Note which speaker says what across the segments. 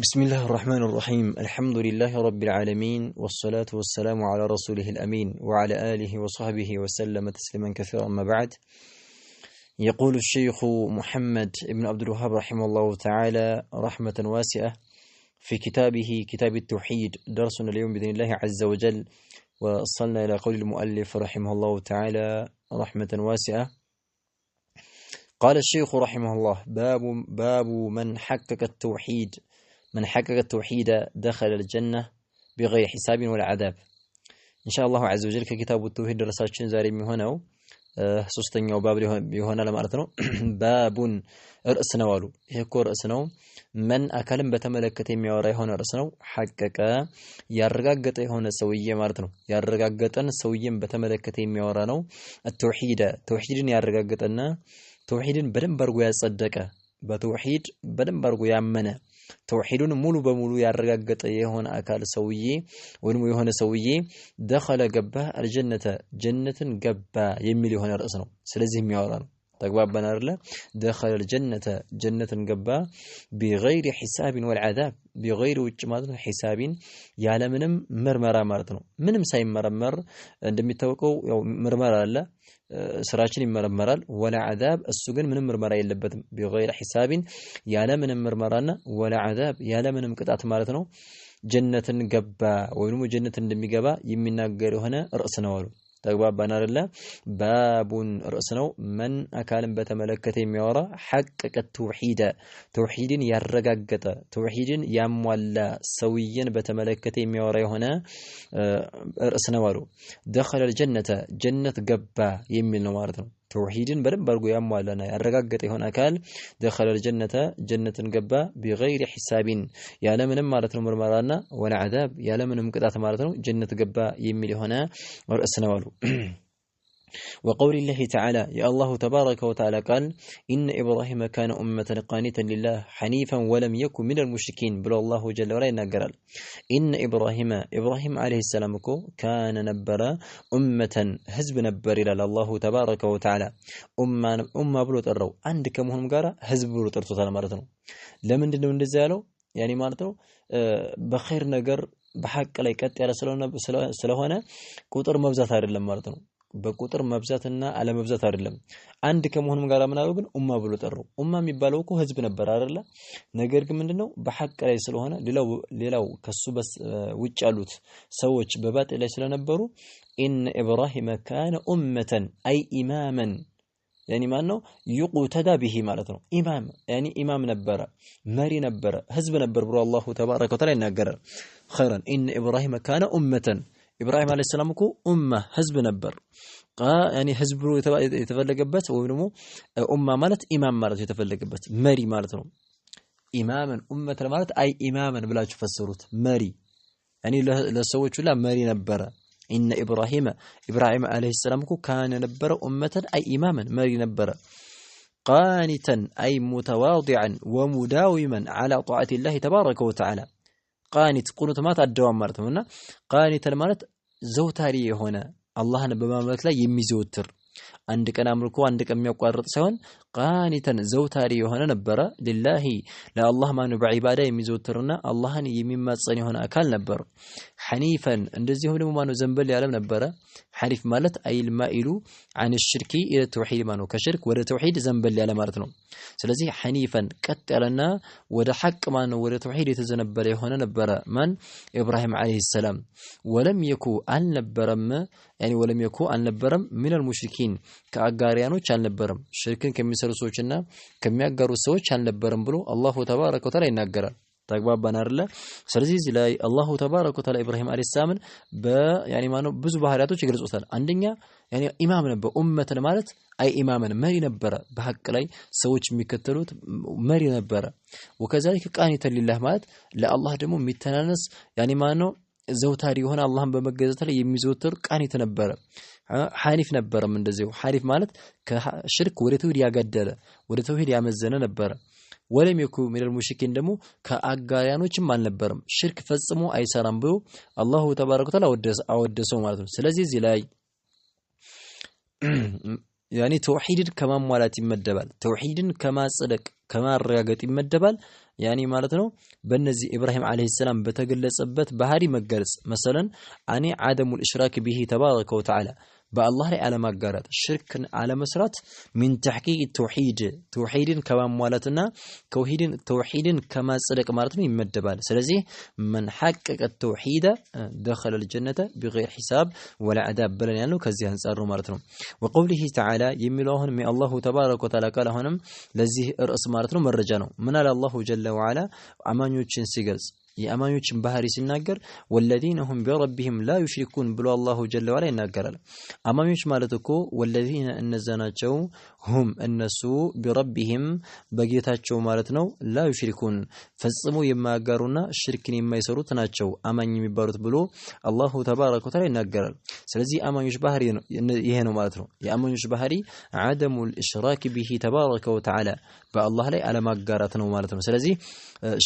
Speaker 1: بسم الله الرحمن الرحيم الحمد لله رب العالمين والصلاة والسلام على رسوله الأمين وعلى آله وصحبه وسلم تسليما كثيرا ما بعد يقول الشيخ محمد بن عبد الوهاب رحمه الله تعالى رحمة واسعة في كتابه كتاب التوحيد درسنا اليوم بإذن الله عز وجل وصلنا إلى قول المؤلف رحمه الله تعالى رحمة واسعة قال الشيخ رحمه الله باب باب من حقق التوحيد من حقق التوحيد دخل الجنة بغير حساب ولا عذاب إن شاء الله عز وجل ككتاب التوحيد درساتችን ዛሬ የሚሆነው ሶስተኛው ባብ ይሆናል ማለት ነው። ባቡን ርዕስ ነው አሉ። ይሄ እኮ ርዕስ ነው። መን አካልን በተመለከተ የሚያወራ የሆነ ርዕስ ነው። ሐቀቀ ያረጋገጠ የሆነ ሰውዬ ማለት ነው። ያረጋገጠን ሰውዬን በተመለከተ የሚያወራ ነው። ተውሂደ ተውሂድን ያረጋገጠና ተውሂድን በደንብ አድርጎ ያጸደቀ በተውሂድ በደንብ አድርጎ ያመነ ተውሂዱን ሙሉ በሙሉ ያረጋገጠ የሆነ አካል ሰውዬ ወይም የሆነ ሰውዬ ደኸለ ገባ አልጀነተ ጀነትን ገባ የሚል የሆነ ርዕስ ነው። ስለዚህ የሚያወራ ነው። ተግባባን አይደለ? ደኸለ አልጀነተ ጀነትን ገባ ቢገይሪ ሒሳቢን ወልዓዛብ ቢገይሪ ውጭ ማለት ነው። ሒሳቢን ያለምንም ምርመራ ማለት ነው። ምንም ሳይመረመር እንደሚታወቀው ያው ምርመራ አለ ስራችን ይመረመራል። ወላ አዛብ እሱ ግን ምንም ምርመራ የለበትም። ቢገይር ሒሳቢን ያለ ምንም ምርመራና ወላ አዛብ ያለ ምንም ቅጣት ማለት ነው። ጀነትን ገባ ወይም ጀነት እንደሚገባ የሚናገር የሆነ ርዕስ ነው አሉ። تقباب بنار الله باب رأسنو من أكالم بتملكته ميورا حقك التوحيد توحيد يرقاقت توحيد يموالا سويا بتملكته ميورا هنا رأسنوارو دخل الجنة جنة قبا يمي النواردن توحيدن بدن برغو يام والنا يرغغت يهون اكل دخل الجنه جنه جبا بغير حسابين يا لمن ما رت مرمرانا ولا عذاب يا لمن مقطات ما جنه جبا يميل هنا ورسنا والو وقول الله تعالى يا الله تبارك وتعالى قال إن إبراهيم كان أمة قانتا لله حنيفا ولم يكن من المشركين بل الله جل وعلا قال إن إبراهيم إبراهيم عليه السلام كان نبرا أمة هزب نبر إلى الله تبارك وتعالى أمة أمة بلوت الرو عندك مهم قال حزب بلو ترتو مرتنا لمن دنو نزالو يعني مالتو آه، بخير نجر بحق لا يكتر ያለ ስለሆነ كوتر መብዛት አይደለም ማለት በቁጥር መብዛትና አለመብዛት አይደለም። አንድ ከመሆኑም ጋር ምን አለው ግን ኡማ ብሎ ጠራው። ኡማ የሚባለው እኮ ህዝብ ነበር አይደለ? ነገር ግን ምንድነው በሐቅ ላይ ስለሆነ ሌላው ሌላው ከሱ ውጭ ያሉት ሰዎች በባጢል ላይ ስለነበሩ ኢነ ኢብራሂመ ካነ ኡመተን አይ ኢማመን ያኒ ማን ነው ይቁተዳ ቢሂ ማለት ነው። ኢማም ያኒ ኢማም ነበረ፣ መሪ ነበረ፣ ህዝብ ነበር ብሎ አላሁ ተባረከ ወተዓላ ይናገራል። ኸይረን ኢነ ኢብራሂመ ካነ ኡመተን ابراهيم عليه السلام اكو امه حزب نبر قا يعني حزب يتفلقبت وهو نمو امه مالت امام مالت يتفلقبت مري مالت نو اماما امه مالت اي اماما بلا تفسروت مري يعني لسويت لا مري نبر ان ابراهيم ابراهيم عليه السلام اكو كان نبر امه اي اماما مري نبر قانتا اي متواضعا ومداوما على طاعه الله تبارك وتعالى ቃኒት ቁኑት ማለት አደዋም ማለት ነውና ቃኒተን ማለት ዘውታሪ የሆነ አላህን በማምለክ ላይ የሚዘወትር አንድ ቀን አምልኮ አንድ ቀን የሚያቋርጥ ሳይሆን ቃኒተን ዘውታሪ የሆነ ነበረ። ሊላሂ ለአላህ ማኑ በዒባዳ የሚዘውትርና አላህን የሚማጸን የሆነ አካል ነበር። ሐኒፈን እንደዚሁም ደግሞ ማኑ ዘንበል ያለም ነበረ። ሐኒፍ ማለት አይል ማኢሉ አን ሽርኪ ኢለ ተውሒድ ማኑ ከሽርክ ወደ ተውሒድ ዘንበል ያለ ማለት ነው። ስለዚህ ሐኒፈን ቀጥ ያለና ወደ ሐቅ ማኑ ወደ ተውሒድ የተዘነበለ የሆነ ነበረ። ማን ኢብራሂም ዓለይሂ ሰላም ወለም የኩ አልነበረም ወለም የኩ አልነበረም ሚነል ሙሽሪኪን ሙሽሪኪን ከአጋሪያኖች አልነበረም፣ ሽርክን ከሚሰሩ ሰዎችና ከሚያጋሩ ሰዎች አልነበረም ብሎ አላሁ ተባረከ ወተዓላ ይናገራል። ተግባባን አይደለ? ስለዚህ እዚህ ላይ አላሁ ተባረከ ወተዓላ ኢብራሂም አለይሂ ሰላምን በያኒ ማኑ ብዙ ባህሪያቶች ይገልጹታል። አንደኛ ያኒ ኢማም ነበር። ኡመተን ማለት አይ ኢማመን መሪ ነበረ፣ በሐቅ ላይ ሰዎች የሚከተሉት መሪ ነበረ። ወከዛሊከ ቃኒተን ሊላህ ማለት ለአላህ ደግሞ የሚተናነስ ያኒ ማኑ ዘውታሪ የሆነ አላህን በመገዛት ላይ የሚዘወተር ቃኒት ነበረ። ሐኒፍ ነበረም እንደዚሁ ሐኒፍ ማለት ከሽርክ ወደ ተውሂድ ያገደለ ወደ ተውሂድ ያመዘነ ነበረ። ወለም የኩ ሚነል ሙሽኪን ደግሞ ከአጋሪያኖችም አልነበረም ሽርክ ፈጽሞ አይሰራም ብሎ አላሁ ተባረከ ወተዓላ አወደሰው ማለት ነው። ስለዚህ እዚህ ላይ ያኔ ተውሂድን ከማሟላት ይመደባል። ተውሂድን ከማጽደቅ ከማረጋገጥ ይመደባል። ያኔ ማለት ነው በእነዚህ ኢብራሂም አለይሂ ሰላም በተገለጸበት ባህሪ መገለጽ መሰለን አኔ አደሙል ኢሽራክ ቢሂ ተባረከ ወተዓላ በአላህ ላይ አለማጋራት፣ ሽርክን አለመስራት፣ ሚን ተሕቂቅ ተውሂድ ተውሂድን ከማሟላትና ተውሂድን ከማጽደቅ ማለት ነው ይመደባል። ስለዚህ መን ሐቀቀ ተውሂደ ደኸለል ጀነተ ቢገይር ሒሳብ ወላ ዐዛብ ብለን ያልነው ከዚህ አንጻር ነው ማለት ነው። ወቀውሊሂ ተዓላ የሚለው አሁንም የአላሁ ተባረከ ወተዓላ ቃል አሁንም ለዚህ ርዕስ ማለት ነው መረጃ ነው። ምን አለ አላሁ ጀለ ወዓላ አማኞችን ሲገልጽ የአማኞችን ባህሪ ሲናገር ወለዚነ ሁም ቢረቢህም ላ ዩሽሪኩን ብሎ አላሁ ጀለ ዋላ ይናገራል። አማኞች ማለት እኮ ወለዚነ እነዛ ናቸው ሁም እነሱ ቢረቢህም በጌታቸው ማለት ነው ላ ዩሽሪኩን ፈጽሞ የማያጋሩና ሽርክን የማይሰሩት ናቸው አማኝ የሚባሉት ብሎ አላሁ ተባረከ ወተዓላ ይናገራል። ስለዚህ አማኞች ባህሪ ይሄ ነው ማለት ነው። የአማኞች ባህሪ አደሙል ኢሽራክ ቢሂ ተባረከ ወተዓላ በአላህ ላይ አለማጋራት ነው ማለት ነው። ስለዚህ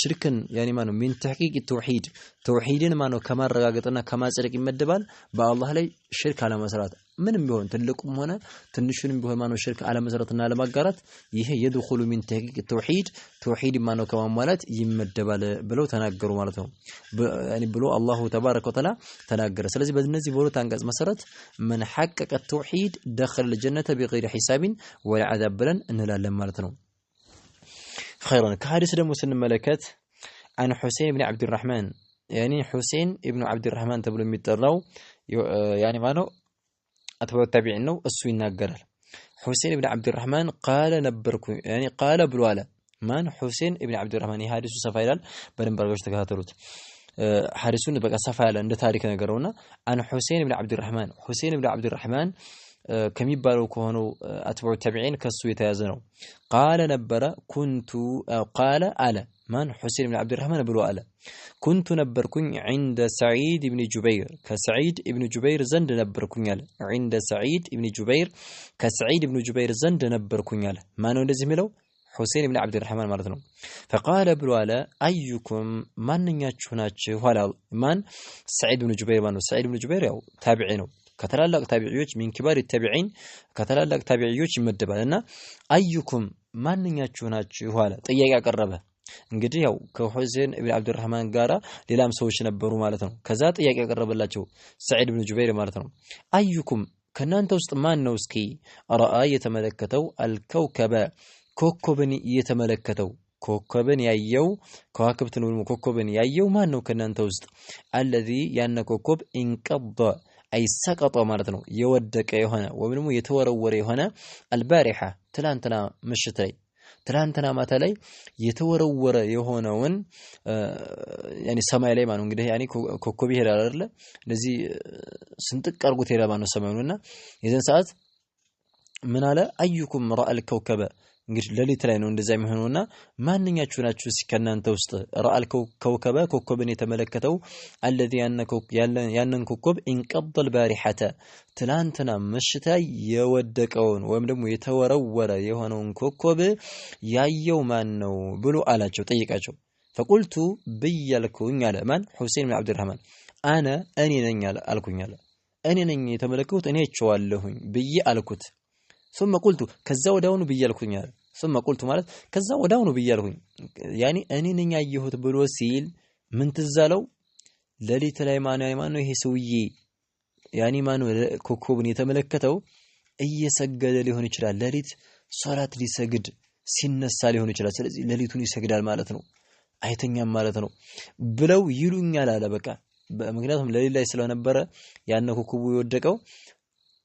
Speaker 1: ሽርክን ያኔ ማነው ሚን ተሕቂቅ ተውሂድ ተውሂድን ማነው ከማረጋገጥና ከማጽደቅ ይመደባል። በአላህ ላይ ሽርክ አለመስራት ምንም ቢሆን ትልቁም ሆነ ትንሹንም ቢሆን ማነው ሽርክ አለመስራትና አለማጋራት ይሄ የድኹሉ ሚን ተሕቂቅ ተውሂድ ተውሂድ ማነው ከማሟላት ይመደባል ብለው ተናገሩ ማለት ነው። ብሎ አላሁ ተባረከ ወተዓላ ተናገረ። ስለዚህ በእነዚህ በሁለት አንቀጽ መሰረት መን ሐቀቀ ተውሂድ ደኸለ ልጀነተ ቢገይሪ ሒሳቢን ወላ ዐዛብ ብለን እንላለን ማለት ነው። خيرا كهاريس دمو سن ملكت عن حسين بن عبد الرحمن يعني حسين ابن عبد الرحمن تبلو ميترلو آه، يعني ما نو أتبعو التابعين نو السوين حسين بن عبد الرحمن قال نبركم يعني قال بلوالا من حسين ابن عبد الرحمن هاريس يعني سفايلان بلن برغوش تكاتروت آه، حارسون بقى سفايلان ده تاريخ نقرونا عن حسين بن عبد الرحمن حسين بن عبد الرحمن ከሚባለው ከሆነው አትባዑ ተቢዒን ከሱ የተያዘ ነው። ቃለ ነበረ ኩንቱ ቃለ አለ ማን ሑሴን ብን ዓብድራህማን ብሎ አለ ኩንቱ ነበርኩኝ ዒንደ ሰዒድ ብን ጁበይር ከሰዒድ ብን ጁበይር ዘንድ ነበርኩኝ አለ። ዒንደ ሰዒድ ብን ጁበይር ከሰዒድ ብን ጁበይር ዘንድ ነበርኩኝ አለ። ማን ነው እንደዚህ የሚለው? ሑሴን ብን ዓብድራህማን ማለት ነው። ፈቃለ ብሎ አለ አዩኩም ማንኛችሁ ናችሁ? ኋላ ማን ሰዒድ ብን ጁበይር ማለት ነው። ሰዒድ ብን ጁበይር ያው ታቢዒ ነው። ከታላላቅ ታቢዒዎች ሚን ኪባር ታቢዒን ከታላላቅ ታቢዒዎች ይመደባል። እና አዩኩም ማንኛችሁ ናችሁ ኋላ ጥያቄ አቀረበ። እንግዲህ ያው ከሁሴን ኢብን አብዱራህማን ጋራ ሌላም ሰዎች ነበሩ ማለት ነው። ከዛ ጥያቄ ያቀረበላቸው ሰዒድ ብን ጁበይር ማለት ነው። አዩኩም ከእናንተ ውስጥ ማን ነው እስኪ ረአ የተመለከተው አልከውከበ ኮከብን የተመለከተው ኮከብን ያየው ከዋክብትን ወይም ኮከብን ያየው ማን ነው ከእናንተ ውስጥ አለዚ ያነ ኮከብ ኢንቀበ أي سقط مرتنا يودك أيه هنا ومنو يتورى وري هنا البارحة تلانتنا مشتري تلانتنا ما تلي يتورى وري هنا ون آه، يعني سماء لي ما نقوله يعني كوكبه رارلا نزي آه، سنتك أرجو ترى ما نسمعه لنا إذا سأت من على أيكم رأى الكوكب እንግዲህ ሌሊት ላይ ነው እንደዛ የሚሆነውና ማንኛችሁ ናችሁ እስኪ ከእናንተ ውስጥ ረአል ከውከበ ኮከብን የተመለከተው አለዚ ያንን ኮከብ ኢንቀበል ባሪሐተ ትላንትና ምሽታ የወደቀውን ወይም ደግሞ የተወረወረ የሆነውን ኮከብ ያየው ማን ነው ብሎ አላቸው፣ ጠይቃቸው። ፈቁልቱ ብያልኩኝ አለ ማን ሁሴን ብን አብድራህማን አነ እኔ ነኝ አልኩኝ አለ እኔ ነኝ የተመለከቱት እኔ አይቼዋለሁኝ ብዬ አልኩት። ሱመ ቁልቱ ከዛ ወዲያውኑ ብዬ አልኩኝ አለ ثم ቁልቱ ማለት ከዛ ወዳውኑ ብያለሁኝ ያኔ እኔ ነኝ ያየሁት ብሎ ሲል ምን ትዝ አለው? ሌሊት ላይ ማነው ማነው ይሄ ሰውዬ ያኔ ማነው ኮከቡን የተመለከተው? እየሰገደ ሊሆን ይችላል። ሌሊት ሶላት ሊሰግድ ሲነሳ ሊሆን ይችላል። ስለዚህ ሌሊቱን ይሰግዳል ማለት ነው፣ አይተኛም ማለት ነው ብለው ይሉኛል አለ። በቃ ምክንያቱም ሌሊት ላይ ስለነበረ ያነ ኮከቡ የወደቀው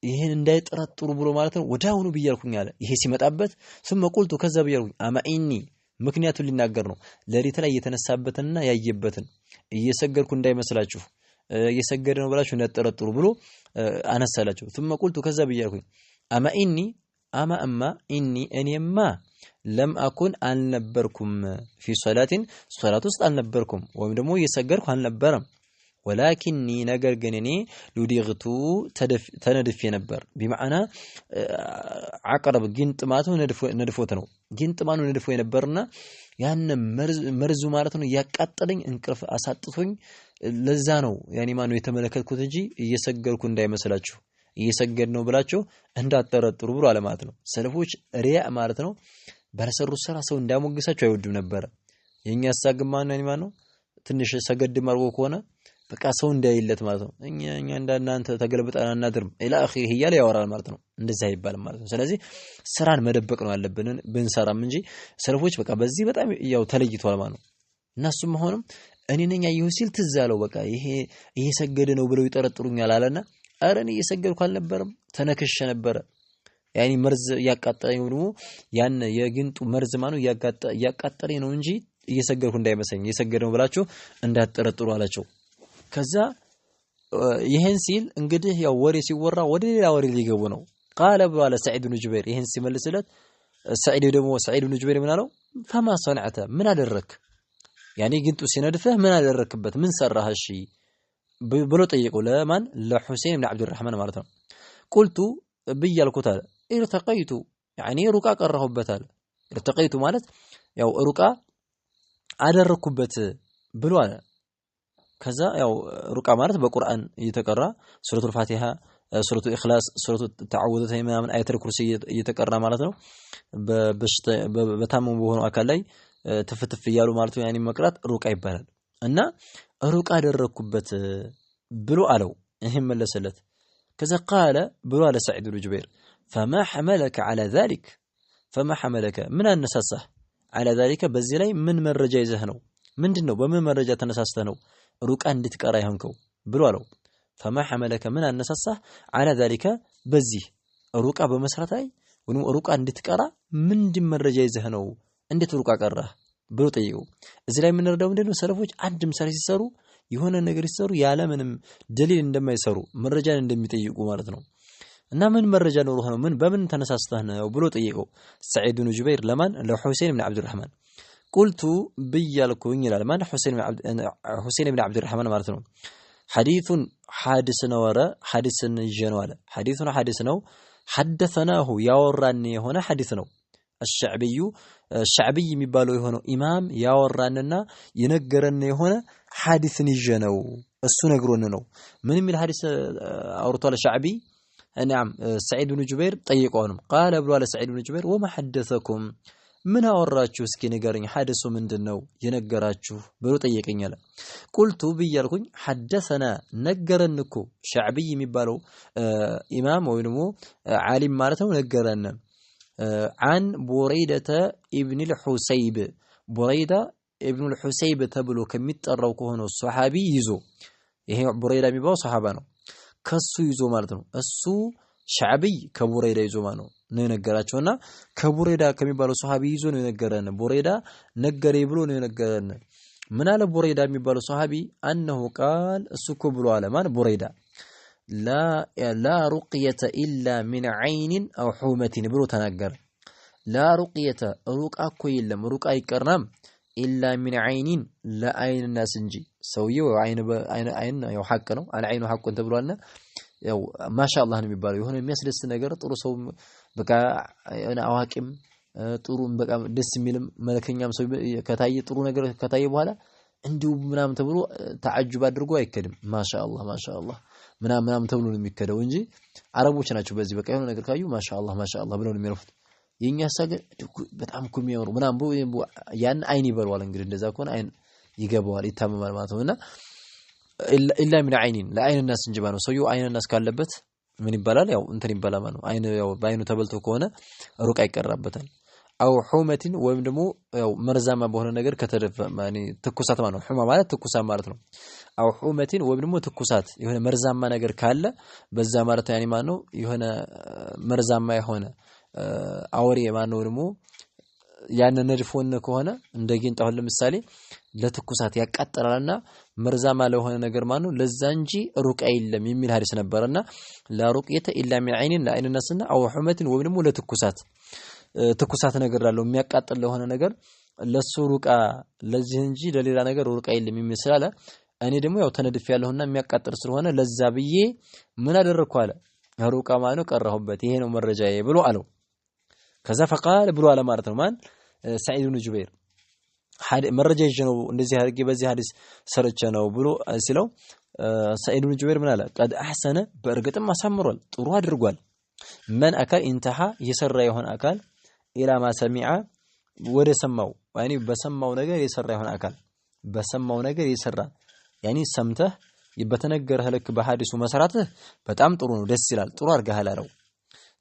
Speaker 1: ይህን እንዳይጠረጥሩ ብሎ ማለት ነው። ወዲያውኑ ብያልኩኝ አለ። ይሄ ሲመጣበት ስመ ቁልቱ ከዛ ብያልኩኝ አማኢኒ ምክንያቱን ሊናገር ነው። ሌሊት ላይ እየተነሳበትንና ያየበትን እየሰገድኩ እንዳይመስላችሁ እየሰገደ ነው ብላችሁ እንዳትጠረጥሩ ብሎ አነሳላቸው። ስመ ቁልቱ ከዛ ብያልኩኝ አማኢኒ አማ እማ ኢኒ እኔማ ለም አኩን አልነበርኩም ፊ ሶላቲን ሶላት ውስጥ አልነበርኩም ወይም ደግሞ እየሰገድኩ አልነበረም ወላኪኒ ነገር ግን እኔ ሉዲግቱ ተነድፌ ነበር። ቢማዕና አቅረብ ጊንጥማቱ ነድፎት ነው። ጊንጥማኑ ነድፎ የነበርና ያን መርዙ ማለት ነው እያቃጠለኝ እንቅልፍ አሳጥቶኝ፣ ለዛ ነው ያኔ ማነው የተመለከትኩት እንጂ እየሰገድኩ እንዳይመስላችሁ እየሰገድ ነው ብላችሁ እንዳጠረጥሩ ብሎ አለ ማለት ነው። ሰለፎች ሪያ ማለት ነው ባለሰሩት ስራ ሰው እንዳሞግሳቸው አይወዱም ነበረ። የእኛ ሳግማን ያኔ ማነው ትንሽ ሰገድም አድርጎ ከሆነ በቃ ሰው እንዳይለት ማለት ነው። እኛ እኛ እንዳናንተ ተገልብጠን አናድርም ኢላ አኺሪህ እያለ ያወራል ማለት ነው። እንደዛ ይባል ማለት ነው። ስለዚህ ስራን መደበቅ ነው ያለብንን ብንሰራም እንጂ ሰልፎች በቃ በዚህ በጣም ያው ተለይቷል ማለት ነው። እናሱም አሁንም እኔ ነኝ ያየሁ ሲል ትዝ አለው። በቃ ይሄ እየሰገደ ነው ብለው ይጠረጥሩኛል አለና ኧረ እኔ እየሰገድኩ አልነበረም ተነክሸ ነበረ ያኔ መርዝ እያቃጠለኝ ነው። ደግሞ ያን የግንጡ መርዝ ማነው እያቃጠለኝ ነው እንጂ እየሰገድኩ እንዳይመስለኝ እየሰገደ ነው ብላችሁ እንዳትጠረጥሩ አላቸው። ከዛ ይሄን ሲል እንግዲህ ያው ወሬ ሲወራ ወደ ሌላ ወሬ ሊገቡ ነው ቃለ ብሏለ ሰዒድ ብኑ ጁበይር ይሄን ሲመልስለት ሰዒድ ደግሞ ሰዒድ ብኑ ጁበይር ምን አለው ፈማ ሰንዐተ ምን አደረክ ያኔ ግንጡ ሲነድፈህ ምን አደረክበት ምን ሰራህ እሺ ብሎ ጠየቀው ለማን ለሁሴን ብን አብዱራህማን ማለት ነው ቁልቱ ብዬ አልኩት አለ ኢርተቀይቱ ያኔ ሩቃ ቀረሁበት አለ ኢርተቀይቱ ማለት ያው ሩቃ አደረኩበት ብሎ አለ ከዛ ያው ሩቃ ማለት በቁርአን እየተቀራ ሱረቱል ፋቲሃ ሱረቱ ኢኽላስ ሱረቱ ተዓውዘተ ምናምን አያተል ኩርሲ እየተቀራ ማለት ነው። በታመሙ በሆኑ አካል ላይ ትፍትፍ እያሉ ማለት ነው ያኔ መቅራት ሩቃ ይባላል። እና ሩቃ አደረግኩበት ብሎ አለው። ይሄን መለሰለት። ከዛ ቃለ ብሎ አለ ሰዒድ ብን ጁበይር ፈማ ሐመለከ ዐላ ዛሊክ ፈማ ሐመለከ ምን አነሳሳህ ዐላ ዛሊከ በዚህ ላይ ምን መረጃ ይዘህ ነው ምንድን ነው በምን መረጃ ተነሳስተህ ነው ሩቃ እንድትቀራ ይሆንከው ብሎ አለው። ፈማ ሐመለከ ምን አነሳሳህ? አላ ዛሊከ በዚህ ሩቃ በመስራት ላይ ወይም ሩቃ እንድትቀራ ምንድን መረጃ ይዘህ ነው? እንዴት ሩቃ ቀራህ ብሎ ጠየቀው። እዚህ ላይ የምንረዳው ምንድነው? ሰለፎች አንድ ምሳሌ ሲሰሩ የሆነ ነገር ሲሰሩ ያለምንም ደሊል እንደማይሰሩ መረጃን እንደሚጠይቁ ማለት ነው። እና ምን መረጃ ኖሮህ ነው? ምን በምን ተነሳስተህ ነው ብሎ ጠየቀው። ሰዒድ ብኑ ጁበይር ለማን? ለሑሴን ብን ዓብዱራህማን قلت بيالكون يلا من حسين بن عبد حسين بن عبد الرحمن ማለት حديث حادث ነወረ حادث ጀነዋለ حديث حادث نو حدثناه وراني هنا حديث نو الشعبي الشعبي مبالو هنا إمام يا የነገረን የሆነ هنا حادث نجنو እሱ ነግሮን ነው من የሚል حادث أورطال الشعبي نعم سعيد بن جبير ጠይቀውንም قال ብሏል سعيد بن جبير وما حدثكم ምን አወራችሁ እስኪ ንገርኝ፣ ሐዲሱ ምንድን ነው የነገራችሁ ብሎ ጠየቀኝ አለ። ቁልቱ ብያልኩኝ ሐደሰና ነገረን እኮ ሻዕቢይ የሚባለው ኢማም ወይ ደግሞ ዓሊም ማለት ነው። ነገረን አን ቡረይደተ ኢብኒል ሑሰይብ ቡረይዳ ኢብኑል ሑሰይብ ተብሎ ከሚጠራው ከሆነ ሰሓቢ ይዞ ይሄ ቡረይዳ የሚባለው ሰሓባ ነው። ከሱ ይዞ ማለት ነው እሱ ሻዕብይ ከቡሬዳ ይዞ ነው ነው የነገራቸውና ከቡሬዳ ከሚባለው ሰሃቢ ይዞ ነው የነገረን። ቡሬዳ ነገሬ ብሎ ነው የነገረን። ምን አለ ቡሬዳ የሚባለው ሰሃቢ? አነሁ ቃል እሱ እኮ ብሎ አለ። ማን ቡሬዳ? ላ ሩቅየተ ኢላ ሚን ዓይኒን አው ሑመቲን ብሎ ተናገረ። ላ ሩቅየተ ሩቃ እኮ የለም ሩቃ አይቀርናም ኢላ ሚን ዓይኒን ለአይንናስ እንጂ ሰውዬው ዓይን ነው ሐቅ ነው አልዓይኑ ሐቁን ተብሏልና ያው ማሻአላህ ነው የሚባለው። የሆነ የሚያስደስት ነገር ጥሩ ሰው በቃ አዋቂም ጥሩ በቃ ደስ የሚልም መልከኛም ሰው ከታየ ጥሩ ነገር ከታየ በኋላ እንዲሁ ምናምን ተብሎ ተዓጅብ አድርጎ አይከድም። ማሻአላህ ማሻአላህ ምናምን ምናምን ተብሎ ነው የሚከደው እንጂ አረቦች ናቸው በዚህ በቃ የሆነ ነገር ካዩ ማሻአላህ ማሻአላህ ብለው ነው የሚረፉት። የኛ ሰገ በጣም እኮ የሚያምሩ ምናምን ያን አይን ይበለዋል። እንግዲህ እንደዛ ከሆነ አይን ይገባዋል፣ ይታመማል ማለት ነውና ኢላ ሚን አይኒን ለአይን ናስ እንጅባ ነው። ሰውየው አይን ናስ ካለበት ምን ይባላል? ያው እንትን ይባላል ማለት ነው። አይን ያው በአይኑ ተበልቶ ከሆነ ሩቅ አይቀራበታል። አው ሑመቲን ወይም ደግሞ ያው መርዛማ በሆነ ነገር ከተደፈ ማኒ ትኩሳት ማለት ነው። ሑማ ማለት ትኩሳት ማለት ነው። አው ሑመቲን ወይም ደግሞ ትኩሳት የሆነ መርዛማ ነገር ካለ በዛ ማለት ያኔ ማለት ነው። የሆነ መርዛማ የሆነ አወሬ ማለት ነው። ደግሞ ያን ነድፎን ከሆነ እንደ ጊንጥ አሁን ለምሳሌ ለትኩሳት ያቃጥላልና መርዛማ ለሆነ ነገር ማኑ ለዛ እንጂ ሩቅ አይለም የሚል ሀዲስ ነበረና ላሩቅየተ ኢላ ሚን ዓይኒን ለአይን ናስና አው ሁመትን ወይም ደግሞ ለትኩሳት ትኩሳት ነገር ላለው የሚያቃጥል ለሆነ ነገር ለሱ ሩቃ ለዚህ እንጂ ለሌላ ነገር ሩቃ የለም የሚል ስላለ እኔ ደግሞ ያው ተነድፍ ያለሁና የሚያቃጥል ስለሆነ ለዛ ብዬ ምን አደረግኩ አለ ሩቃ ማኑ ቀረሁበት። ይሄ ነው መረጃዬ ብሎ አለው። ከዛ ፈቃል ብሎ አለ ማለት ነው ማን ሰዒድ ብኑ ጁበይር መረጃ ይዤ ነው እንደዚህ አድርጌ በዚህ ሀዲስ ሰርቼ ነው ብሎ ሲለው ሰዒድ ብን ጁበይር ምን አለ? ቀድ አሕሰነ በእርግጥም አሳምሯል፣ ጥሩ አድርጓል። መን አካል ኢንተሃ የሰራ የሆነ አካል ማ ሰሚዓ ወደ ሰማው ያኒ በሰማው ነገር የሰራ የሆነ አካል በሰማው ነገር የሰራ ያኒ ሰምተህ በተነገረህ ልክ በሀዲሱ መሰራትህ በጣም ጥሩ ነው፣ ደስ ይላል፣ ጥሩ አድርገሃል አለው።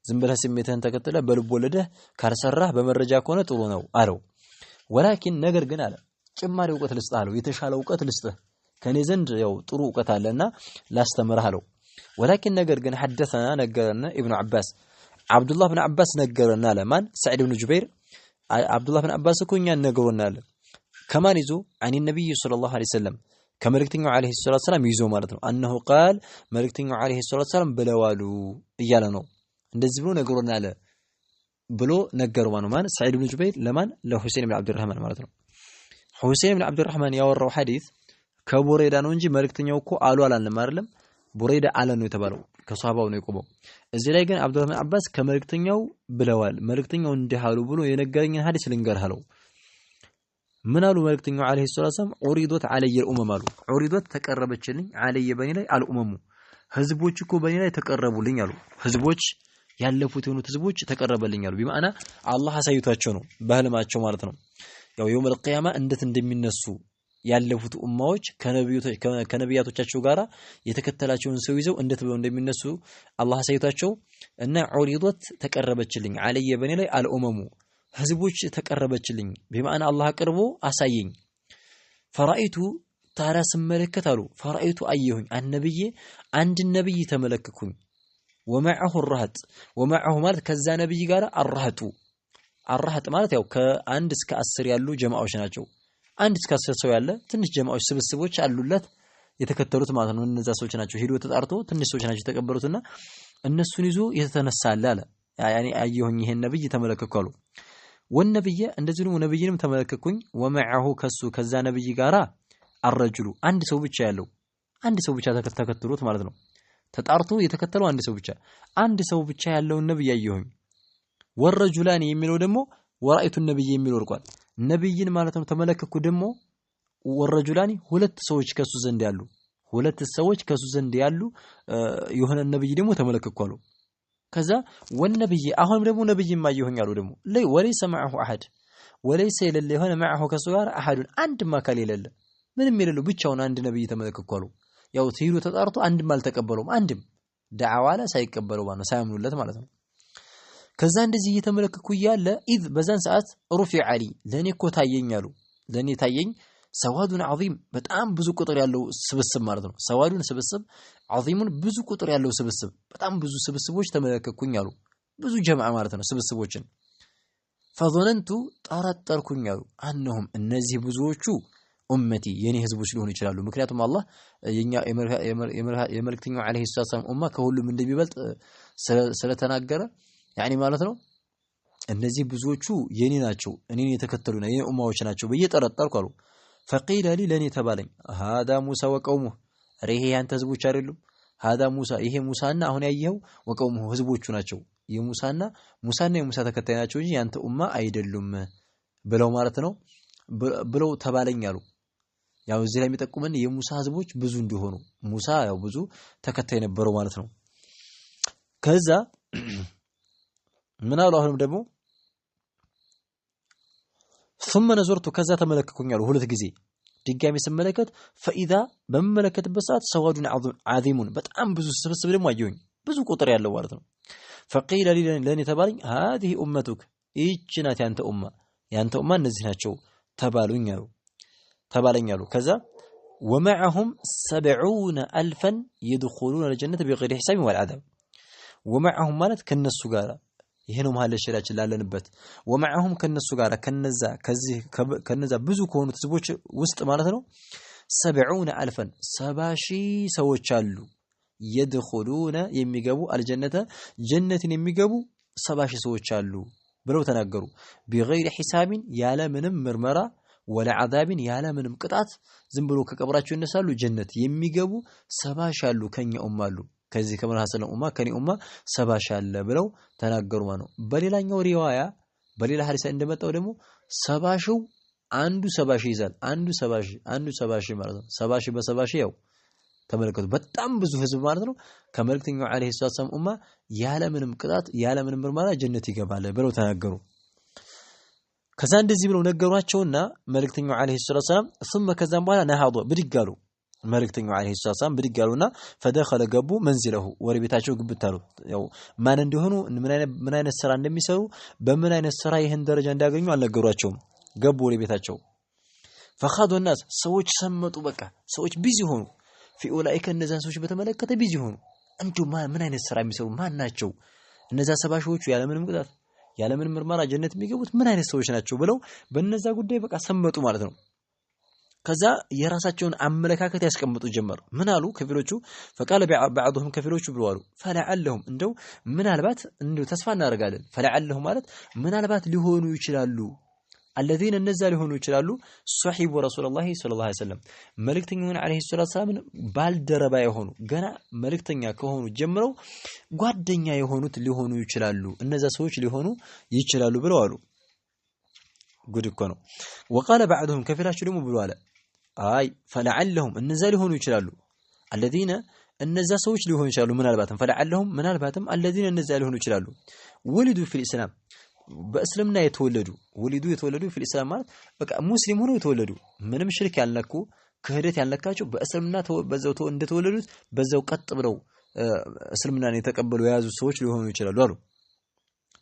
Speaker 1: ዝም ብለህ ስሜትህን ተከትለህ በልብ ወለደህ ካልሰራህ በመረጃ ከሆነ ጥሩ ነው አለው። ወላኪን ነገር ግን አለ ጭማሪ እውቀት ልስጥህ አለው። የተሻለ እውቀት ልስጥህ ከኔ ዘንድ ያው ጥሩ እውቀት አለና ላስተምርህ አለው። ወላኪን ነገር ግን ሐደሰና ነገረና ኢብኑ አባስ አብዱላህ ብን አባስ ነገረና ለማን ሰዒድ ብን ጁበይር አብዱላህ ብን አባስ እኮ እኛን ነገሩና አለ ከማን ይዞ አኒ ነቢይ ሰለላሁ ዐለይሂ ወሰለም ከመልእክተኛው ዐለይሂ ሰላቱ ሰላም ይዞ ማለት ነው። አነሁ ቃል መልእክተኛው ዐለይሂ ሰላቱ ሰላም ብለዋሉ እያለ ነው። እንደዚህ ብሎ ነገሩና አለ ብሎ ነገሩ። ማኑ ማን? ሰዒድ ብን ጁበይር ለማን? ለሁሴን ብን ዓብድራህማን ማለት ነው። ሁሴን ብን ዓብድራህማን ያወራው ሐዲስ ከቡሬዳ ነው እንጂ መልእክተኛው እኮ አሉ አላልንም አይደለም። ቡሬዳ አለ ነው የተባለው፣ ከሷሃባው ነው የቆመው። እዚህ ላይ ግን አብዱራህማን አባስ ከመልእክተኛው ብለዋል። መልእክተኛው እንዲህ አሉ ብሎ የነገረኝን ሐዲስ ልንገርህ አለው። ምን አሉ መልእክተኛው አለይሂ ሰላቱ ወሰላም? ዑሪዶት ዓለየ ልኡመም አሉ። ዑሪዶት ተቀረበችልኝ፣ ዓለየ በእኔ ላይ አልኡመሙ ህዝቦች እኮ በእኔ ላይ ተቀረቡልኝ አሉ ህዝቦች ያለፉት የሆኑት ህዝቦች ተቀረበልኛሉ ቢማዕና አላህ አሳይቷቸው ነው በህልማቸው ማለት ነው። ያው የውም ቂያማ እንዴት እንደሚነሱ ያለፉት ኡማዎች ከነቢያቶቻቸው ጋር የተከተላቸውን ሰው ይዘው እንዴት ብለው እንደሚነሱ አላህ አሳይቷቸው እና ዑሪዶት ተቀረበችልኝ አለየ በኔ ላይ አልኡመሙ ህዝቦች ተቀረበችልኝ ቢማዕና አላህ አቅርቦ አሳየኝ ፈራኢቱ ታዲያ ስመለከት አሉ ፈራኢቱ አየሁኝ አንድ ነብይ ተመለከኩኝ ወመዐሁ አራህጥ ወመዐሁ ማለት ከዛ ነብይ ጋር አራህጡ አራህጥ ማለት ያው ከአንድ እስከ አስር ያሉ ጀማዎች ናቸው። አንድ እስከ አስር ሰው ያለ ትንሽ ጀማዎች ስብስቦች አሉለት የተከተሉት ማለት ነው። እነዛ ሰዎች ናቸው ሄዶ ተጣርቶ ትንሽ ሰዎች ናቸው የተቀበሉትና እነሱን ይዞ የተነሳለ አለ ያኔ አየሁኝ ይሄን ነብይ ተመለከኩ አሉ። ወነብየ እንደዚህ ደግሞ ነብይንም ተመለከኩኝ። ወመዐሁ ከሱ ከዛ ነብይ ጋራ አረጅሉ አንድ ሰው ብቻ ያለው አንድ ሰው ብቻ ተከተሉት ማለት ነው። ተጣርቶ የተከተለው አንድ ሰው ብቻ አንድ ሰው ብቻ ያለውን ነብይ ያየሁኝ። ወረጁላኒ የሚለው ደግሞ ወራይቱ ነብይ የሚለው ወርቋል። ነብይን ማለት ነው ተመለከትኩ። ደግሞ ወረጁላኒ ሁለት ሰዎች ከሱ ዘንድ ያሉ ሁለት ሰዎች ከሱ ዘንድ ያሉ የሆነ ነብይ ደግሞ ተመለከትኩ አሉ። ከዛ ወነብይ አሁንም ደግሞ ነብይ ማየሁኝ አሉ። ደግሞ ለይ ወለይሰ መዐሁ አሐድ ወለይሰ የሌለ የሆነ መዐሁ ከሱ ጋር አሐዱን አንድም አካል የሌለ ምንም የሌለው ብቻውን አንድ ነብይ ተመለከትኩ አሉ። ያው ሲሄዱ ተጣርቶ አንድም አልተቀበሉም። አንድም ደዓዋ ላይ ሳይቀበለው ማለት ነው ሳያምኑለት ማለት ነው። ከዛ እንደዚህ እየተመለከኩ እያለ ኢዝ በዛን ሰዓት ሩፊ ዓሊ ለእኔ እኮ ታየኝ አሉ። ለእኔ ታየኝ ሰዋዱን ዐዚም በጣም ብዙ ቁጥር ያለው ስብስብ ማለት ነው። ሰዋዱን ስብስብ፣ ዐዚሙን ብዙ ቁጥር ያለው ስብስብ፣ በጣም ብዙ ስብስቦች ተመለከኩኝ አሉ። ብዙ ጀምዓ ማለት ነው ስብስቦችን ፈዘነንቱ ጠረጠርኩኝ አሉ። አነሁም እነዚህ ብዙዎቹ ኡመቲ የኔ ህዝቦች ሊሆኑ ይችላሉ። ምክንያቱም አላህ የኛ የመልእክተኛው ዓለይሂ ሰላም ኡማ ከሁሉም እንደሚበልጥ ስለተናገረ ያኒ ማለት ነው። እነዚህ ብዙዎቹ የኔ ናቸው፣ እኔን የተከተሉና የኔ ኡማዎች ናቸው ብዬ ጠረጠርኩ አሉ። ፈቂለ ሊ ለኔ ተባለኝ፣ ሃዳ ሙሳ ወቀውሙ ኧረ ያንተ ህዝቦች አይደሉም። ሃዳ ሙሳ ይሄ ሙሳና አሁን ያየኸው ወቀውሙ ህዝቦቹ ናቸው። የሙሳና ሙሳና የሙሳ ተከታይ ናቸው እንጂ ያንተ ኡማ አይደሉም ብለው ማለት ነው ብለው ተባለኝ አሉ። ያው እዚህ ላይ የሚጠቁመን የሙሳ ህዝቦች ብዙ እንዲሆኑ ሙሳ ያው ብዙ ተከታይ ነበረው ማለት ነው። ከዛ ምን አሉ? አሁንም ደግሞ ثم نظرت ከዛ ተመለከኩኝ አሉ ሁለት ጊዜ ድጋሚ ስመለከት ፈኢዛ በምመለከትበት ሰዓት ሰዋዱን ዓዚሙን በጣም ብዙ ስብስብ ደግሞ አየሁኝ ብዙ ቁጥር ያለው ማለት ነው። ፈቂለ ለኔ የተባለኝ ሃዚህ ኡመቱክ ይች ናት ያንተ ኡማ ያንተ ኡማ እነዚህ ናቸው ተባሉኝ አሉ تبالين يالو كذا ومعهم سبعون ألفا يدخلون الجنة بغير حساب ولا عذاب ومعهم مالت كن السجارة يهنم هالشيء الشريعة لا لنبت ومعهم كن السجارة كن الزا كذي كن الزا بزو كونوا وسط مالتنا سبعون ألفا سباشي سوى تشالو يدخلون يميقبوا الجنة جنة يميقبوا سباشي سوى تشالو بلو تنقروا بغير حساب يالا من مرمرة ወለ ዓዛብን ያለምንም ቅጣት ዝም ብሎ ከቀብራቸው ይነሳሉ። ጀነት የሚገቡ ሰባሽ ሻሉ ከኛ ኡማ አሉ ከዚህ ከመር ሐሰን ኡማ ከኔ ኡማ ሰባ ሻለ ብለው ተናገሩ ማለት ነው። በሌላኛው ሪዋያ በሌላ ሐዲስ እንደመጣው ደግሞ ሰባ አንዱ ሰባሽ ሺህ ይዛል። አንዱ ሰባ አንዱ ሰባ ማለት ነው። ሰባሽ ሺህ ያው ተመልከቱ በጣም ብዙ ህዝብ ማለት ነው። ከመልእክተኛው ዓለይሂ ሰላም ኡማ ያለምንም ቅጣት ያለምንም ምርመራ ጀነት ይገባል ብለው ተናገሩ። ከዛ እንደዚህ ብለው ነገሯቸውና መልእክተኛው ዓለይሂ ሰላቱ ሰላም ثم ከዛም በኋላ ነሃዶ ብድግ አሉ። መልእክተኛው ዓለይሂ ሰላቱ ሰላም ብድግ አሉና ፈደኸለ ገቡ መንዚለሁ ወደ ቤታቸው ግብት አሉ። ያው ማን እንደሆኑ ምን አይነት ስራ እንደሚሰሩ በምን አይነት ስራ ይህን ደረጃ እንዳገኙ አልነገሯቸውም። ገቡ ወደ ቤታቸው። ፈኻዱ ናስ ሰዎች ሰመጡ። በቃ ሰዎች ቢዚ ሆኑ። ፊ ኡላኢከ ሰዎች በተመለከተ ቢዚ ሆኑ። እንዲሁ ምን አይነት ስራ የሚሰሩ ማን ናቸው እነዛ ሰባ ያለምንም ቅጣት ያለምን ምርመራ ጀነት የሚገቡት ምን አይነት ሰዎች ናቸው ብለው በነዛ ጉዳይ በቃ ሰመጡ ማለት ነው። ከዛ የራሳቸውን አመለካከት ያስቀምጡ ጀመር። ምን አሉ ከፊሎቹ? ፈቃለ በዕዱሁም ከፊሎቹ ብለዋሉ ፈለዓለሁም እንደው ምናልባት እንደው ተስፋ እናደርጋለን። ፈለዓለሁም ማለት ምናልባት ሊሆኑ ይችላሉ الذين النزل هونو ይችላሉ صحيب رسول الله صلى الله عليه وسلم መልእክተኛውን عليه الصلاه والسلام ባልደረባ የሆኑ ገና መልእክተኛ ከሆኑ ጀምረው ጓደኛ የሆኑት ሊሆኑ ይችላሉ እነዛ ሰዎች ሊሆኑ ይችላሉ ብለው አሉ ጉድ እኮ ነው وقال بعضهم ከፊላቸው ደግሞ ብሎ አለ አይ فلعلهم እነዛ ሊሆኑ ይችላሉ الذين እነዛ ሰዎች ሊሆኑ ይችላሉ ምናልባትም فلعلهم ምናልባትም الذين እነዛ ሊሆኑ ይችላሉ ወልዱ في الاسلام በእስልምና የተወለዱ ወሊዱ የተወለዱ ፊል ማለት በቃ ሙስሊም ሆነው የተወለዱ ምንም ሽርክ ያልነኩ ክህደት ያልነካቸው በእስልምና በዛው እንደተወለዱት በዛው ቀጥ ብለው እስልምናን የተቀበሉ የያዙ ሰዎች ሊሆኑ ይችላሉ አሉ።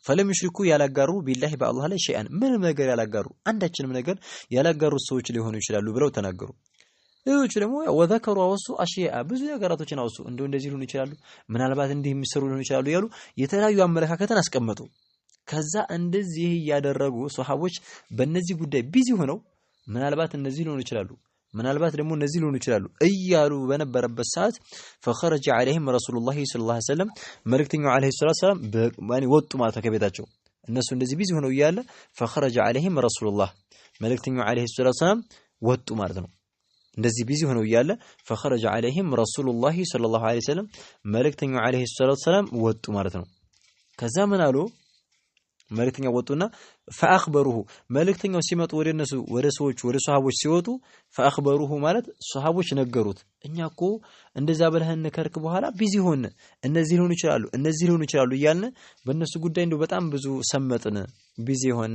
Speaker 1: ፈለም ዩሽሪኩ ያላጋሩ ቢላሂ በአላህ ላይ ሸይአን ምንም ነገር ያላጋሩ አንዳችንም ነገር ያላጋሩ ሰዎች ሊሆኑ ይችላሉ ብለው ተናገሩ። ሌሎቹ ደግሞ ወዘከሩ አወሱ አሽያ ብዙ ነገራቶችን አወሱ እንደው እንደዚህ ሊሆኑ ይችላሉ፣ ምናልባት እንዲህ የሚሰሩ ሊሆኑ ይችላሉ ያሉ የተለያዩ አመለካከትን አስቀመጡ። ከዛ እንደዚህ እያደረጉ ሶሐቦች በእነዚህ ጉዳይ ቢዚ ሆነው ምናልባት እነዚህ ሊሆኑ ይችላሉ፣ ምናልባት ደግሞ እነዚህ ሊሆኑ ይችላሉ እያሉ በነበረበት ሰዓት ፈኸረጀ ዐለይሂም ረሱሉላሂ ሰለላሁ ዐለይሂ ወሰለም መልእክተኛው ዐለይሂ ሰላቱ ወሰላም ወጡ ማለት ነው ከቤታቸው እነሱ እንደዚህ ቢዚ ሆነው እያለ ፈኸረጀ ዐለይሂም ረሱሉላህ መልእክተኛው ዐለይሂ ሰላቱ ወሰላም ወጡ ማለት ነው። እንደዚህ ቢዚ ሆነው እያለ ፈኸረጀ ዐለይሂም ረሱሉላሂ ሰለላሁ ዐለይሂ ወሰለም መልእክተኛው ዐለይሂ ሰላቱ ወሰላም ወጡ ማለት ነው። ከዛ ምን አሉ? መልእክተኛው ወጡና ፈአኽበሩሁ መልእክተኛው ሲመጡ ወደ እነሱ ወደ ሰዎች ወደ ሰሃቦች ሲወጡ ፈአኽበሩሁ ማለት ሰሃቦች ነገሩት። እኛ እኮ እንደዛ ብለህን ከርክ በኋላ ቢዚ ሆን እነዚህ ሊሆኑ ይችላሉ እነዚህ ሊሆኑ ይችላሉ እያልን በእነሱ ጉዳይ እንደው በጣም ብዙ ሰመጥን ቢዚ ሆን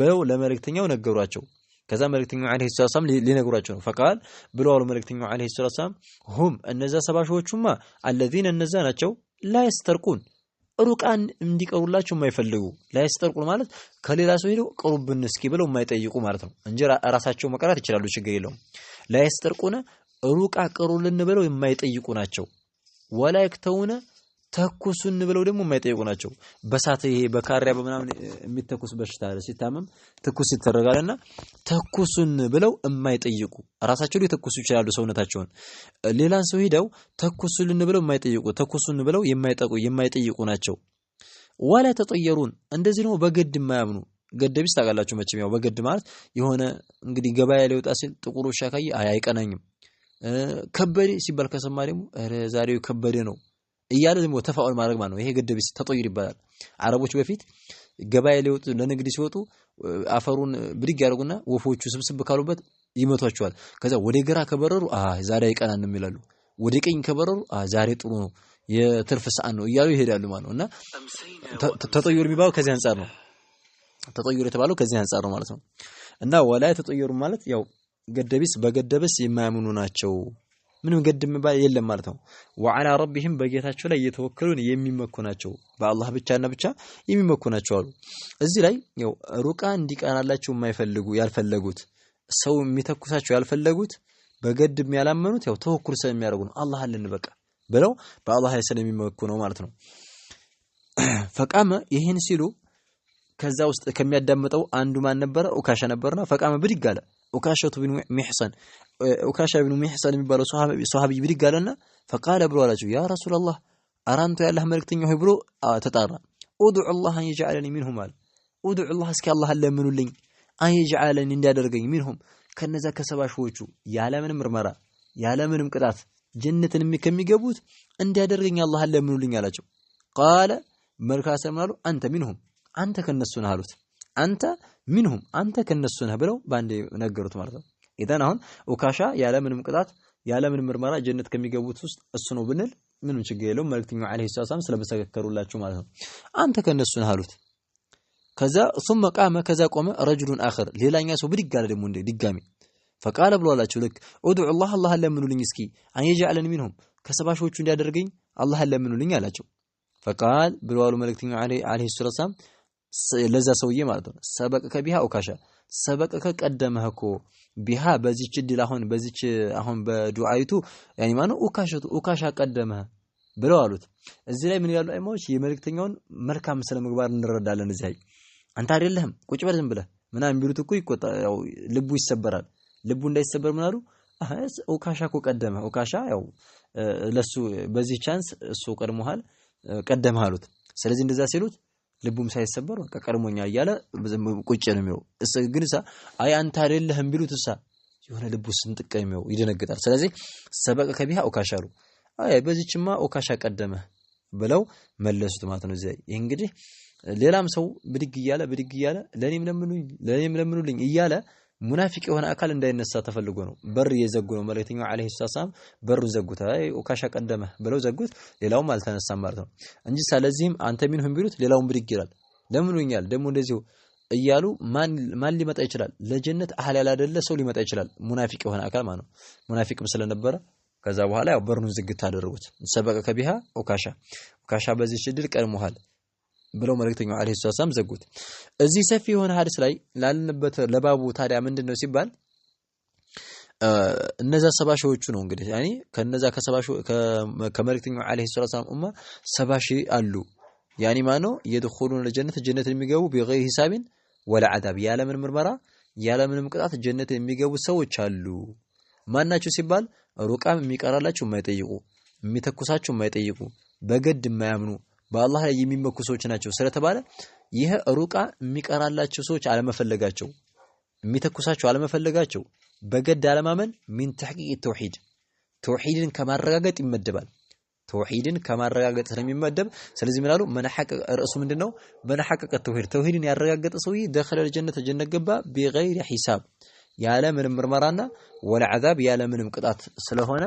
Speaker 1: ብለው ለመልእክተኛው ነገሯቸው። ከዛ መልእክተኛው ዓለይሂ ሰላቱ ወሰላም ሊነግሯቸው ነው። ፈቃል ብለው አሉ መልእክተኛው ዓለይሂ ሰላቱ ወሰላም ሁም እነዛ ሰባ አለዚነ እነዛ ናቸው ሩቃን እንዲቀሩላቸው የማይፈልጉ ላይስጠርቁ ማለት ከሌላ ሰው ሄደው ቅሩብን እስኪ ብለው የማይጠይቁ ማለት ነው እንጂ ራሳቸው መቀራት ይችላሉ፣ ችግር የለውም። ላይስጠርቁነ ሩቃ ቅሩልን ብለው የማይጠይቁ ናቸው። ወላ ተኩሱን ብለው ደግሞ የማይጠይቁ ናቸው። በሳት ይሄ በካሪያ በምናምን የሚተኩስ በሽታ አለ። ሲታመም ትኩስ ይተረጋልና ተኩሱን ብለው የማይጠይቁ ራሳቸው ሊተኩሱ ይችላሉ ሰውነታቸውን። ሌላን ሰው ሂደው ተኩሱልን ብለው የማይጠይቁ ተኩሱን ብለው የማይጠቁ የማይጠይቁ ናቸው። ወላ ተጠየሩን እንደዚህ ደግሞ በግድ የማያምኑ ገደቢስ ታውቃላችሁ መቼም ያው በግድ ማለት የሆነ እንግዲህ ገበያ ሊወጣ ሲል ጥቁር ውሻ ካየ አይቀናኝም። ከበዴ ሲባል ከሰማ ደግሞ ዛሬው ከበዴ ነው እያለ ደግሞ ተፋኦል ማድረግ ማለት ነው። ይሄ ገደብ ተጠይር ይባላል። አረቦች በፊት ገበያ ሊወጡ ለንግድ ሲወጡ አፈሩን ብድግ ያደርጉና ወፎቹ ስብስብ ካሉበት ይመቷቸዋል። ከዛ ወደ ግራ ከበረሩ ዛሬ አይቀናንም ይላሉ። ወደ ቀኝ ከበረሩ ዛሬ ጥሩ ነው፣ የትርፍ ሰዓት ነው እያሉ ይሄዳሉ ማለት ነው። እና ተጦይር የሚባለው ከዚህ አንጻር ነው። ተጦይር የተባለው ከዚህ አንጻር ነው ማለት ነው። እና ወላይ ተጦይሩ ማለት ያው ገደቢስ በገደብስ የማያምኑ ናቸው። ምንም ገድ የሚባል የለም ማለት ነው። ወዐላ ረቢህም በጌታቸው ላይ እየተወከሉን የሚመኩ ናቸው። በአላህ ብቻና ብቻ የሚመኩ ናቸው አሉ። እዚህ ላይ ያው ሩቃ እንዲቀናላቸው የማይፈልጉ ያልፈለጉት ሰው የሚተኩሳቸው ያልፈለጉት በገድ የሚያላመኑት ያው ተወኩል ሰው ስለሚያደርጉ ነው። አላህ አለን በቃ ብለው በአላህ ላይ ስለሚመኩ ነው ማለት ነው። ፈቃመ ይህን ሲሉ ከዛ ውስጥ ከሚያዳምጠው አንዱ ማን ነበረ? ኡካሻ ነበርና ፈቃመ ብድግ አለ። ኡካሸቱ ብኑ ሚሕሰን ኡካሻ ብኑ ሚሕሰን የሚባለው ሰሃቢ ብድግ አለና ፈቃለ ብሎ አላቸው ያ ረሱላላህ አራንቶ ያላህ መልእክተኛ ሆይ ብሎ ተጣራ። ኡድዑ ላህ አን የጅዓለኒ ሚንሁም አለ። ኡድዑ ላህ እስኪ አላህ ለምኑልኝ አን የጅዓለኒ እንዲያደርገኝ ሚንሁም ከነዛ ከሰባ ሺዎቹ ያለምንም ምርመራ ያለምንም ቅጣት ጀነትን ከሚገቡት እንዲያደርገኝ አላህ ለምኑልኝ አላቸው። ቃለ መልካ ሰምናሉ አንተ ሚንሁም አንተ ከነሱ ነህ አሉት አንተ ሚንሁም አንተ ከነሱ ነህ ብለው በአንድ ነገሩት ማለት ነው። ኢዘን አሁን ኡካሻ ያለምንም ቅጣት ያለምንም ምርመራ ጀነት ከሚገቡት ውስጥ እሱ ነው ብንል ምንም ችግር የለውም። መልእክተኛው ዓለይሂ ሰላም ስለመሰከሩላችሁ ማለት ነው። አንተ ከነሱ ነህ አሉት። ከዛ ሱመ ቃመ ከዛ ቆመ ረጅሉን አኸር ሌላኛ ሰው ብድግ አለ ደግሞ እንደ ድጋሚ ፈቃለ ብሎ ልክ ኡድዑ ላህ አላህን ለምኑልኝ እስኪ አንየጃዕለን ሚንሁም ከሰባሾቹ እንዲያደርገኝ አላህን ለምኑልኝ አላቸው። ፈቃል ብለዋሉ መልእክተኛው ዓለይሂ ሰላም ለዛ ሰውዬ ማለት ነው። ሰበቀከ ቢሃ ኡካሻ ሰበቀከ ቀደመህ እኮ ቢሃ በዚች ድል አሁን በዚች አሁን በዱዓይቱ ያኒ ማኑ ኡካሸቱ ኡካሻ ቀደመህ ብለው አሉት። እዚህ ላይ ምን ይላሉ አይማዎች? የመልክተኛውን መልካም ስለ ምግባር እንረዳለን። እዚህ አይ አንተ አይደለህም ቁጭ በል ዝም ብለህ ምናምን ቢሉት እኮ ይቆጣ ያው ልቡ ይሰበራል። ልቡ እንዳይሰበር ምን አሉ? ኡካሻ እኮ ቀደመህ ኡካሻ ያው ለሱ በዚህ ቻንስ እሱ ቀድሞሃል ቀደመህ አሉት። ስለዚህ እንደዛ ሲሉት ልቡም ሳይሰበር በቃ ቀድሞኛ እያለ ቁጭ ነው የሚለው። ግን እሳ አይ አንተ አይደለህም ቢሉት እሳ የሆነ ልቡ ስንጥቅ የሚለው ይደነግጣል። ስለዚህ ሰበቀ ከቢሃ ኦካሻ አይ በዚችማ ኦካሻ ቀደመ ብለው መለሱት ማለት ነው። እዚህ ይህ እንግዲህ ሌላም ሰው ብድግ እያለ ብድግ እያለ ለእኔም ለምኑኝ ለእኔም ለምኑልኝ እያለ ሙናፊቅ የሆነ አካል እንዳይነሳ ተፈልጎ ነው። በር የዘጉ ነው። መልእክተኛው ዓለይሂ ሰላም በሩ ዘጉት። አይ ኦካሻ ቀደመ ብለው ዘጉት። ሌላውም አልተነሳም ማለት ነው እንጂ ስለዚህም አንተ ሚንሁም ቢሉት ሌላውም ብድግ ይላል። ለምኑኛል ደግሞ እንደዚሁ እያሉ ማን ሊመጣ ይችላል? ለጀነት አህል ያላደለ ሰው ሊመጣ ይችላል። ሙናፊቅ የሆነ አካል ማለት ነው። ሙናፊቅም ስለነበረ ከዛ በኋላ ያው በሩን ዝግት አደረጉት። ሰበቀ ከቢሃ ኦካሻ ኦካሻ በዚህ ድል ቀድሞሃል ብለው መልእክተኛው ዓለይሂ ሰላቱ ዘጉት። እዚህ ሰፊ የሆነ ሀዲስ ላይ ላለንበት ለባቡ ታዲያ ምንድን ነው ሲባል እነዛ ሰባ ሺዎቹ ነው እንግዲህ ያኔ ከነዛ ከሰባ ሺህ ከመልእክተኛው ዓለይሂ ሰላቱ ኡማ ሰባ ሺህ አሉ። ያኔ ማን የድኹሉን ለጀነት ጀነት የሚገቡ ቢገይ ሂሳቢን ወላ ዐዛብ ያለምን ምርመራ ያለምንም ቅጣት ጀነት የሚገቡ ሰዎች አሉ። ማናቸው ሲባል ሩቃም የሚቀራላቸው የማይጠይቁ የሚተኩሳቸው የማይጠይቁ በገድ የማያምኑ በአላህ ላይ የሚመኩ ሰዎች ናቸው ስለተባለ ይህ ሩቃ የሚቀራላቸው ሰዎች አለመፈለጋቸው፣ የሚተኩሳቸው አለመፈለጋቸው፣ በገድ አለማመን ሚን ተሕቂቅ ተውሂድ ተውሂድን ከማረጋገጥ ይመደባል። ተውሂድን ከማረጋገጥ ስለሚመደብ ስለዚህ ምን አሉ ርዕሱ ምንድን ነው? መነሐቀቀ ተውሂድ ተውሂድን ያረጋገጠ ሰውዬ ደኸለል ጀነት ጀነት ገባ ቢገይሪ ሒሳብ ያለ ምንም ምርመራና ወለ ዓዛብ ያለ ምንም ቅጣት ስለሆነ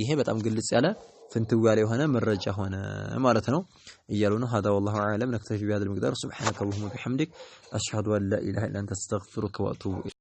Speaker 1: ይሄ በጣም ግልጽ ያለ فانتوا عليه هنا من رجع هنا مالتنا يالونا هذا والله أعلم نكتفي بهذا المقدار سبحانك اللهم وبحمدك أشهد أن لا إله إلا أنت استغفرك وأتوب